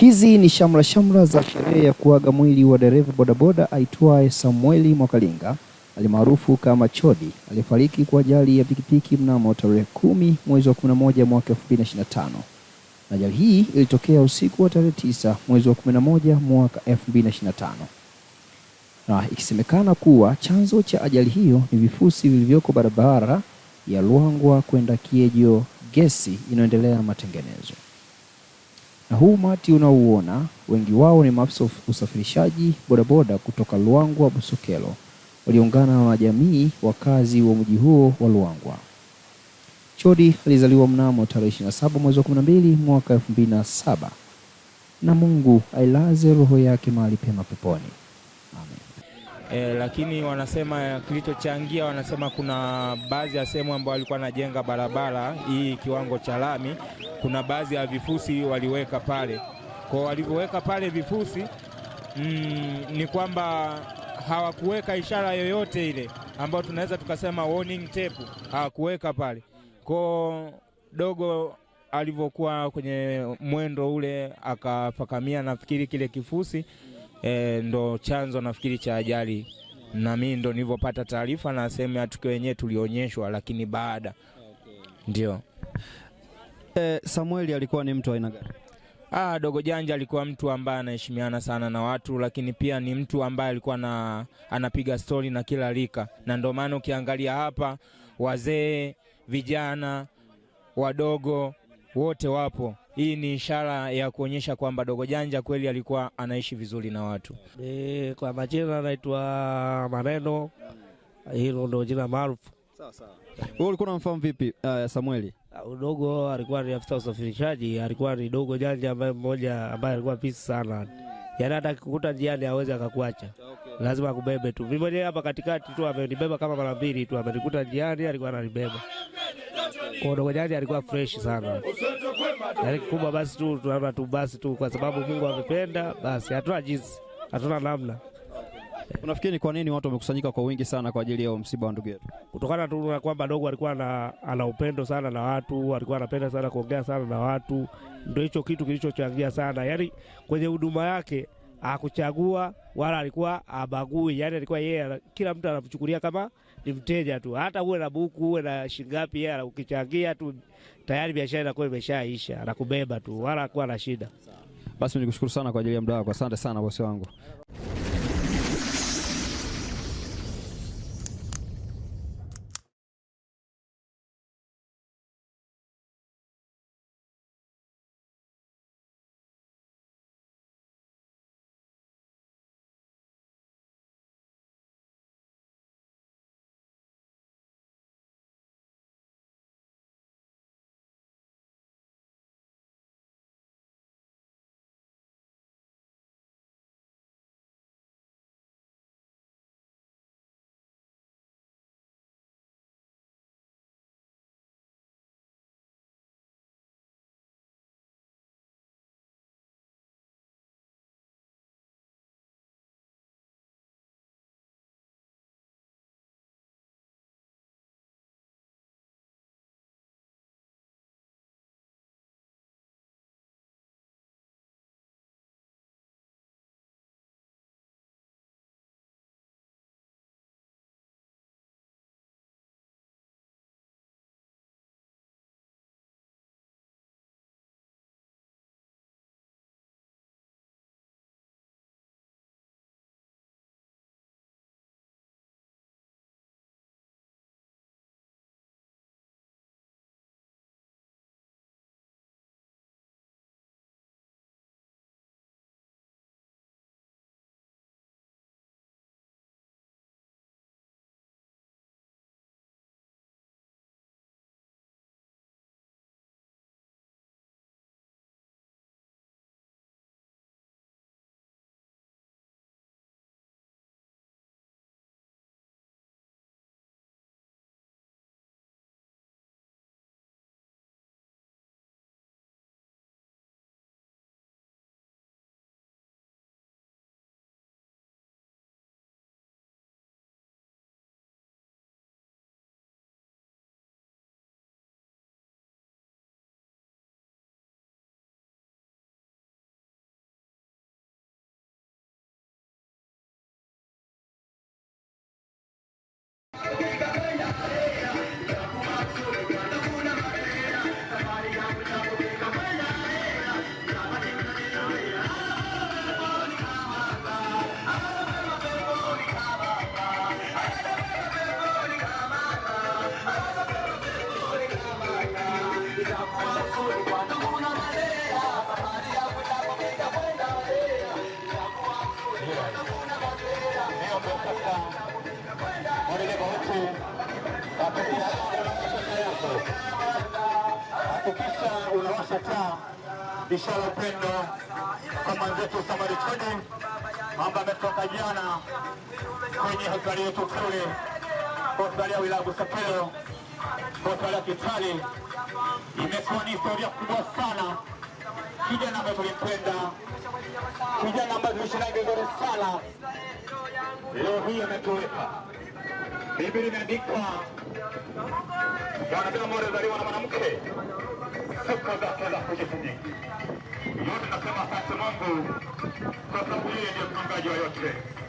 Hizi ni shamra shamra za sherehe ya kuaga mwili wa dereva bodaboda aitwaye Samueli Mwakalinga alimaarufu kama Chodi aliyefariki kwa ajali ya pikipiki mnamo tarehe kumi mwezi wa moja mwaka tano. Ajali hii ilitokea usiku wa tarehe tisa mwezi wa moja mwaka 2025, na ikisemekana kuwa chanzo cha ajali hiyo ni vifusi vilivyoko barabara ya Lwangwa kwenda Kiejo gesi inayoendelea matengenezo. Na huu umati unaouona wengi wao ni maafisa usafirishaji bodaboda kutoka Luangwa Busokelo walioungana na wanajamii wakazi wa mji huo wa Luangwa. Chodi alizaliwa mnamo tarehe 27 mwezi wa 12 mwaka 2007 na Mungu ailaze roho yake mahali pema peponi. Amen e, lakini wanasema kilichochangia, wanasema kuna baadhi ya sehemu ambayo walikuwa wanajenga barabara hii kiwango cha lami, kuna baadhi ya vifusi waliweka pale. Kwa walivyoweka pale vifusi mm, ni kwamba hawakuweka ishara yoyote ile ambayo tunaweza tukasema warning tape, hawakuweka pale kwa dogo alivyokuwa kwenye mwendo ule akafakamia, nafikiri kile kifusi e, ndo chanzo nafikiri cha ajali, na mimi ndo nilivyopata taarifa na sehemu ya tukio wenyewe tulionyeshwa, lakini baada ndio e, eh, Samueli alikuwa ni mtu aina gani? Ah, Dogo Janja alikuwa mtu ambaye anaheshimiana sana na watu, lakini pia ni mtu ambaye alikuwa na, anapiga stori na kila rika, na ndio maana ukiangalia hapa wazee, vijana, wadogo wote wapo hii ni ishara ya kuonyesha kwamba Dogo Janja kweli alikuwa anaishi vizuri na watu. E, kwa majina anaitwa Maneno, hilo ndio jina maarufu. Sawa sawa. ulikuwa unamfahamu vipi uh, Samueli? Ah, udogo alikuwa ni afisa usafirishaji, alikuwa ni Dogo Janja ambaye mmoja ambaye alikuwa pisi sana, yaani hata akikukuta njiani awezi akakuacha okay. Lazima akubebe tu. Mimi mwenyewe hapa katikati tu amenibeba kama mara mbili tu, amenikuta njiani, alikuwa ananibeba kwa Dogo Janja, alikuwa fresh sana na yaani kikubwa basi tu tunaona tu basi tu, kwa sababu Mungu amependa, basi hatuna jinsi, hatuna namna. Unafikiri ni kwa nini watu wamekusanyika kwa wingi sana kwa ajili ya msiba wa ndugu yetu? Kutokana tu na kwamba dogo alikuwa na ana upendo sana na watu, alikuwa anapenda sana kuongea sana na watu, ndio hicho kitu kilichochangia sana, yaani kwenye huduma yake akuchagua wala alikuwa abagui, yani alikuwa yeye, kila mtu anamchukulia kama ni mteja tu, hata uwe na buku uwe na shingapi, yeye ukichangia tu tayari biashara inakuwa imeshaisha, anakubeba tu, wala kuwa na shida. Basi nikushukuru sana kwa ajili ya muda wako, asante sana bosi wangu. back. yetu yako, hakikisha unawasha taa, ishara upendo kwa mwenzetu Samadi Chudi ambaye ametoka jana kwenye hospitali yetu kule, hospitali ya wilaya Busokelo, hospitali ya Kitale. Imekuwa ni historia kubwa sana, kijana ambaye tulimpenda, kijana ambaye tuliishi vizuri sana, leo hii ametuweka Dibirinya Dikma Wanita muda dari mana mana m k e Sekolah sekolah puji p u i Yote nasema sasa mungu Kwa sababu yeye ndiye mpangaji wa yote